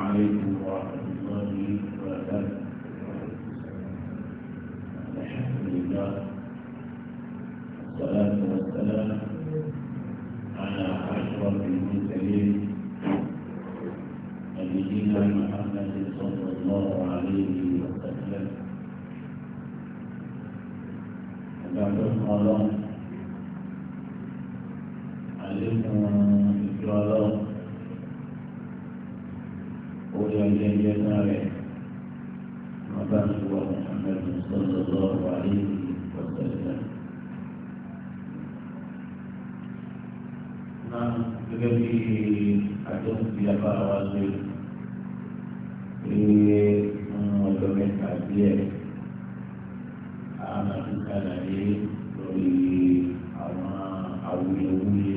عليكم ورحمة الله وبركاته الحمد لله والصلاة والسلام على أشرف المرسلين نبينا محمد صلى الله عليه وسلم وبعد الله gẹ́gẹ́ bí àjọṣe ti yàrá wa ṣe ní mm, ọjọ́ mẹ́ta díẹ̀ àwọn àtúntàlà yìí lórí àwọn awuyewuye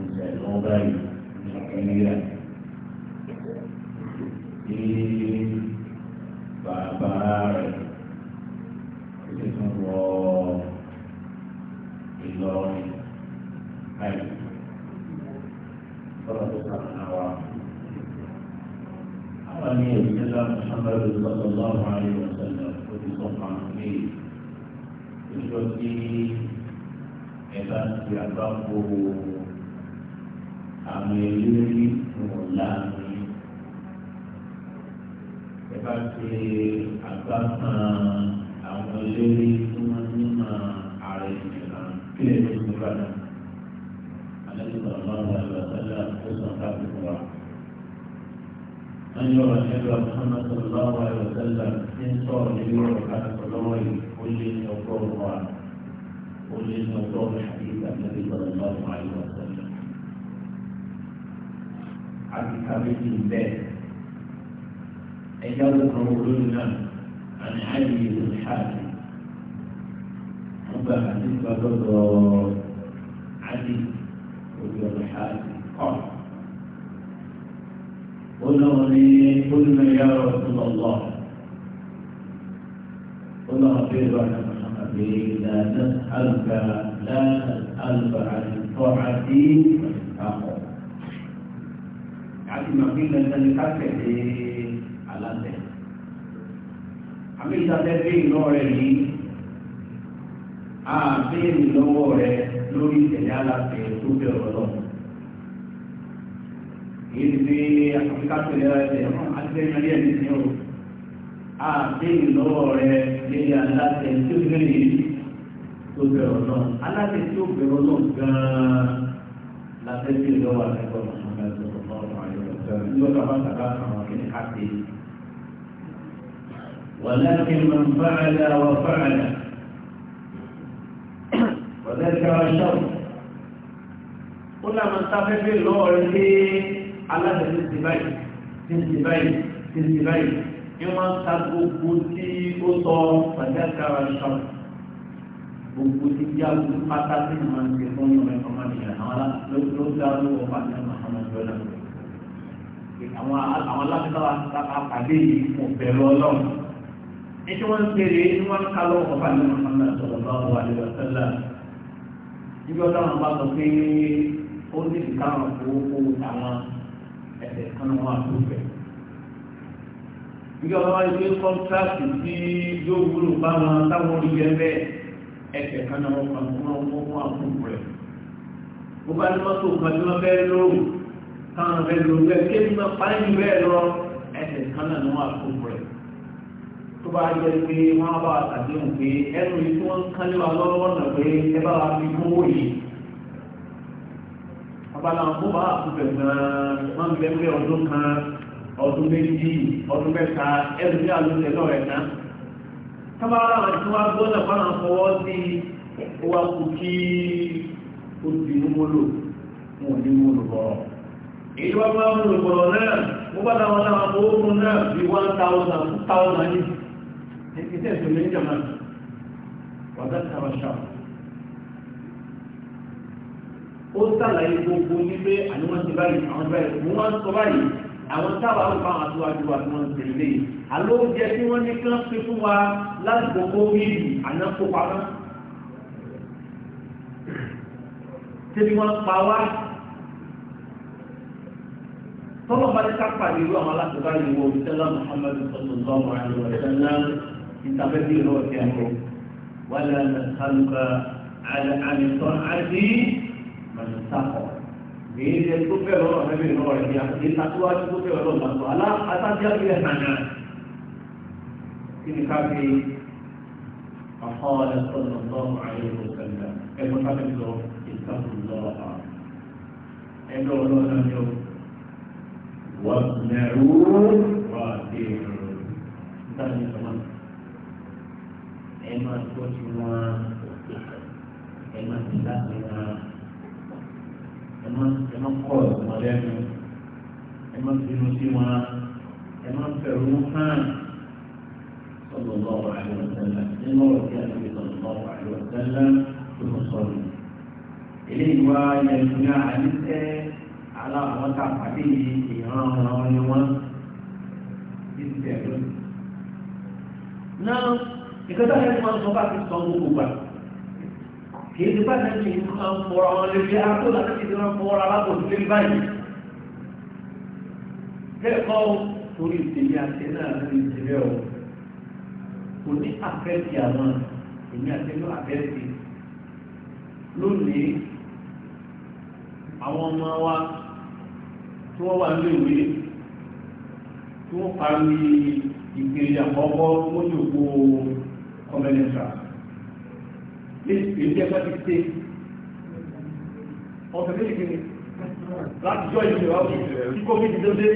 ìṣẹ̀lẹ̀ ọ̀gá yìí. wọ́n ní ìṣẹ́lá muhammadu sallallahu alayhi wa sallam ó ti sọ fún àwọn ilé ìjọ tí ẹ bá ti àgbà kó àmì ìlérí wọn láàmì ẹ bá ti àgbà kan àwọn ìlérí tó máa ń mọ ààrẹ ìjọba kílẹ̀ tó ń bá náà alẹ́ sọ̀rọ̀ lọ́wọ́ àlọ́ sọ́jà ó sọ̀rọ̀ káfíńtì wa. أنشر الحبر محمد صلى الله عليه وسلم إن صار جميع حال صدوري كل الدكتور قال كل الدكتور حديث النبي صلى الله عليه وسلم عن حبيب الباب أجاب قولنا عن علي بن حاتم حب حديث بدر olórin olùmọ̀ ìyá ọ̀rọ̀ tó lọ lọ. olórin bí ìlú àti àbí ìlànà àlùkà lánà àlùkà àti tọ́ra sí àpọ̀. àti màá fi lẹ́sẹ̀ ní kákẹ́tẹ́ lórí ìtẹ̀lé aláṣẹ tó bẹ̀rù ọlọ́run. kìí fi àfikàtòlẹ̀ rẹ̀ ẹ̀wọ̀n àtẹ́mẹ́lẹ́ ẹ̀mí ni ó àbíyìn lọ́wọ́ rẹ̀ lẹ́yìn aláṣẹ tí ó lẹ́yìn tó bẹ̀rọ̀ náà aláṣẹ tí ó bẹ̀rọ̀ náà gan-an láṣẹ tí ó lọ́wọ́ àtẹ́kọ̀ọ́ ọ̀nà ìgbọ̀nà ọ̀nà ìgbọ̀nà ìgbọ̀nà bá tàbá àwọn kìí káàkiri. ولكن من فعل وفعل وذكر الشر كل من تفعل لورثه aláṣẹ ti ti báyìí ti ti báyìí ti ti báyìí ni wọ́n ń ta gbogbo tí ó sọ pàjákàrà ṣọ́ọ̀ gbogbo tí bí awo pátá tí mo máa ń ṣe fún ọmọ ẹ̀kọ́ máa nìyà àwọn ló dá lówó pàṣẹ Muhammad jọlá àwọn àwọn alábẹ́sáwá àpàdé yìí kò bẹ̀rù ọlọ́run ní tí wọ́n ń pèrè ní wọ́n ń ká lọ́wọ́ pàṣẹ Muhammad sọ̀rọ̀ bá wà ní wàsálà níbi bá sọ pé ó ní ìkáwọn owó àwọn ẹ̀sẹ̀ kan náà wà tó fẹ̀. Bí ọlọ́wọ́ ilé kọ́ńtrákì tí yóò wúlò bá wọn táwọn olùyẹ bẹ́ẹ̀ ẹ̀sẹ̀ kan náà wọ́n kan fún wọn fún àkókò rẹ̀. Mo bá ní mọ́tò kan tí wọ́n fẹ́ lóru táwọn fẹ́ lóru bẹ́ẹ̀ kí ẹni máa parí ju bẹ́ẹ̀ lọ ẹ̀sẹ̀ kan náà wọ́n àkókò rẹ̀. Tó bá jẹ́ pé wọ́n bá àtàdéhùn pé ẹnu yìí tí wọ́n ń kán lé wa pàlà ọ̀pọ̀ bá àkùkẹ̀ gan-an máa ń bẹ́ẹ̀ ọdún kan ọdún méjì ọdún mẹ́ta ẹ̀rù ní àlùfẹ́ náà rẹ̀ ná. kábàárà àwọn tí wọ́n gbọ́dọ̀ fáwọn afọwọ́ sí wa kù kí ó ti mú mọ́lò wọn ò ní mú olùkọ́rọ̀. èyí wá máa mú olùkọ́rọ̀ náà mo bá dáwọn náà mo ó mú náà bí one thousand two thousand yìí. ẹ̀kí tẹ̀sán méjì àmà wàdà tàwọn ó sàlàyé gbogbo ní pé àníwọ́n ti báyìí àwọn báyìí mo wá ń sọ báyìí àwọn tábà ń fáwọn aṣíwájú wa tí wọ́n ń tẹ̀lé àló jẹ́ tí wọ́n ní kán fi fún wa láti gbogbo wíìlì àná kó pamọ́ tẹ́bí wọ́n pa wá tọ́lọ́ bá ní ká pàdé irú àwọn aláṣẹ́bá yìí wọ ìṣẹ́lá Muhammad sallallahu alaihi wa sallam ìtàbẹ́bí ìrọ̀ ọ̀tẹ̀ àbọ̀ wàlẹ́ àmì sọ́nà àti mọ̀lẹ́sàkọ̀ èyí ṣe tó fẹ́ lọ́rọ̀ ẹ̀mí ìrọ̀ rẹ̀ bí i ìtàkùwájú tó fẹ́ lọ́rọ̀ lọ́tọ̀ alá àtàkì àbílẹ̀ nàná kí ni ká fi àkọọ́lẹ̀ sọ̀rọ̀ lọ́wọ́ àyè òkèlè ẹ̀mọ́ ká fi sọ ìtàkùn lọ́wọ́ ẹ̀dọ́ ọlọ́ọ̀dá ni ó wọ́n mẹ́rù wà dé ìrọ̀ ìtàkùn lọ́wọ́ ẹ̀mọ́ àti ẹ má kọ́ ọ̀sán lẹ́nu ẹ má bínú sí wọn ẹ má fẹ̀rù hàn sọ̀rọ̀ lọ́wọ́ àìwọ̀ sẹ́lẹ̀ nínú ọ̀rọ̀ tí a ti sọ̀rọ̀ lọ́wọ́ àìwọ̀ sẹ́lẹ̀ tó ń sọ̀rọ̀. eléyìí wá ilẹ̀ ìpínlẹ̀ àníṣe aláwọ̀ tá a pàdé yìí ìran ọ̀rọ̀ ni wọ́n ti ti tẹ̀lé. náà ìkọ́tà yẹn ti máa ń sọ kì í ti bá nẹ́bí yìí máa ń fọ́ra wọn lè fi àtó láti fi máa ń fọ́ra alábòsí lé báyìí. bẹ́ẹ̀ kọ́ torí ìdílé àti náà lórí ìdílé ọ̀ kò ní àfẹ́tì àwọn èmi àti ló àfẹ́tì lónìí àwọn ọmọ wa tí wọ́n wà léwe tí wọ́n parí ìpele àkọ́kọ́ lójú òpó kọ́mẹ́lẹ́sà èyí ẹgbẹ́ ti tẹ ọ̀sẹ̀ méjì kìíní láti jọ ìlú wa kí covid tó dé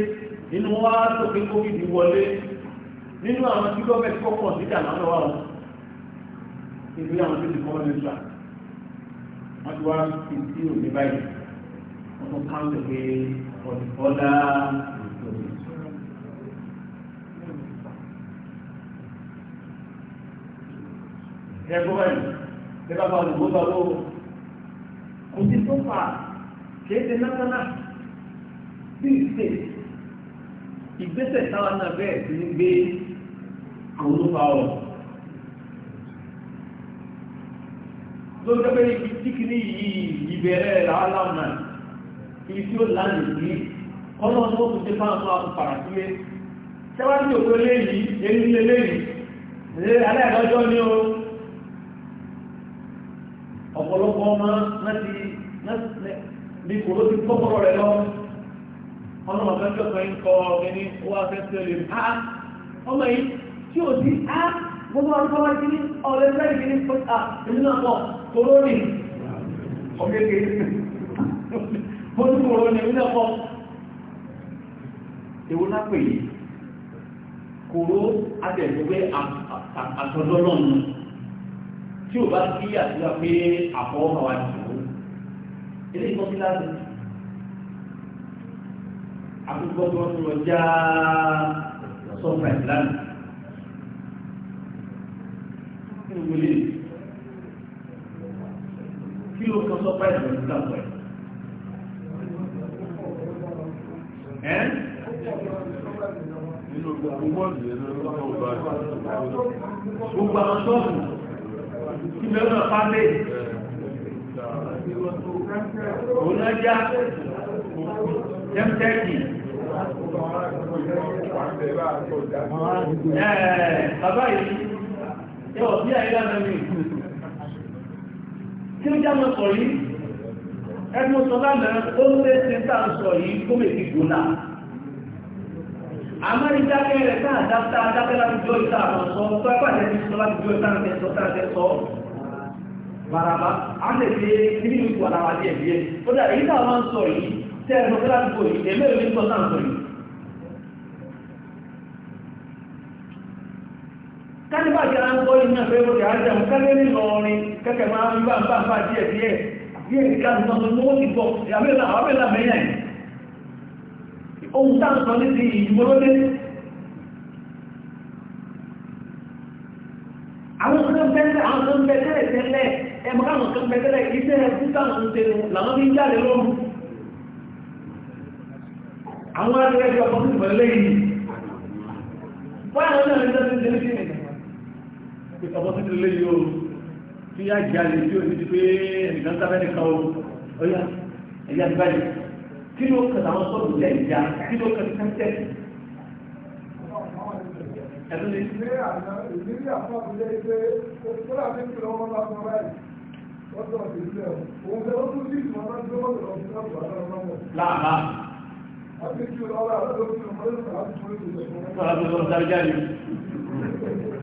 nínú wa tó pé covid wọlé nínú àwọn tí gọ́ọ̀mẹ̀tì kọ́kọ́ sí ìjà náà wà wọn ìlú àwọn tó ti kọ́ ní ìjà wọ́n ti wá sí sí òní báyìí wọ́n tún káńtẹ̀ pé ọ̀dà ẹgbẹ́ báyìí bẹ́ẹ̀ bá lùmọ́ bá lọ́wọ́ kò sí tó fà kìí ṣe nátaná bí ìṣe ìgbésẹ̀ táwọn náà bẹ́ẹ̀ ti ń gbé àwọn olùfà ọ̀ lórí ẹgbẹ́ ibi tí kìíní yìí ìbẹ̀rẹ̀ làálàmà ibi tí ó lánà sí kọ́nà tó tó ṣe fáwọn àwọn pàràkúlé tẹ́wàá tí òkú eléyìí eléyìí eléyìí alẹ́ àdájọ́ ní o ọ̀pọ̀lọpọ̀ ọmọ láti bí kò ló ti kọ́kọ́rọ̀ rẹ̀ lọ ọmọ àfẹ́fẹ́ kan ń kọ ẹni ó wá fẹ́ tẹ́lẹ̀ á ọmọ yìí tí ò sí á gbogbo ọdún wá sí ní ọ̀rẹ́ fẹ́ ìgbé ní pọ́tà èmi náà pọ̀ tóró nì ọ̀gẹ́gẹ́ mo ní kòrò ní èmi náà pọ̀ èwo lápè yìí kòró adẹ̀gbẹ́ tí o bá ti yà sí wa pé àfọwọ́mọ wa ti wò ilé ìtọ́ sí láti àkókò tí wọ́n ti lọ já sọ́fà ìlànà kí ló wọlé kí ló kan sọ́fà ìlànà ìlànà pẹ̀. Gbogbo àwọn sọ́ọ̀bù kí mẹ́rin pàdé onájá jẹ́mtẹ́kì bàbá yìí yọ bí àìlá mẹ́rin kí ó já mọ́ sọ yìí ẹgbẹ́ sọ bá mẹ́rin ó ń lé sí sáà sọ yìí kó mèkì gbóná àmọ́ ìdákẹ́ rẹ̀ náà dáta dákẹ́ láti jó ìta àwọn sọ tó ẹgbà jẹ́ ti sọ láti jó ìta àti ẹ̀sọ́ tàbí ẹ̀sọ́ baraba a ń lè fi níbi ìlú wà láwà díẹ̀ díẹ̀ ó dà èyí táwọn máa ń sọ yìí tẹ́ ẹ̀sọ́ tẹ́ láti sọ yìí èmẹ́ ìlú sọ náà sọ yìí kánibà jẹ́ à ń gbọ́ ohun táàsọ ní ti ìgbòrólé àwọn kan bẹ́tẹ̀ àwọn kan bẹ́tẹ̀ tẹ́lẹ̀ ẹmọ́ àwọn kan bẹ́tẹ̀ iṣẹ́ púpọ̀ ń tẹnu làwọn ní jáde lóòrùn àwọn adẹ́rẹ́ bí ọkọ̀ tó lè yìí wọ́n àwọn náà ní sọ́tún tẹ́lẹ̀ sí ẹ̀kọ́ ọkọ̀ tó lè yìí o tí yá jáde tí o ti di pé ẹnìkan sábẹ́ nìkan o ó yá ẹ̀yà báyìí kí ló kàn táwọn sọ́ọ̀dù lẹ̀ ń já kí ló kàn kẹ́kẹ́. ẹ̀sùn ni. ìlérí àfọ́bù lé pé ó rà ní kí lọ́wọ́ bá fọ́ báyìí wọ́n tọ̀ sí ilé ọ̀ òun fẹ́ ó tún sí ìmọ̀ náà tó wọ́n lọ sí ọ̀dọ̀ àtọ́nàmọ́. láàbà. wọ́n ti kí lọ́wọ́ àtọ́nàmọ́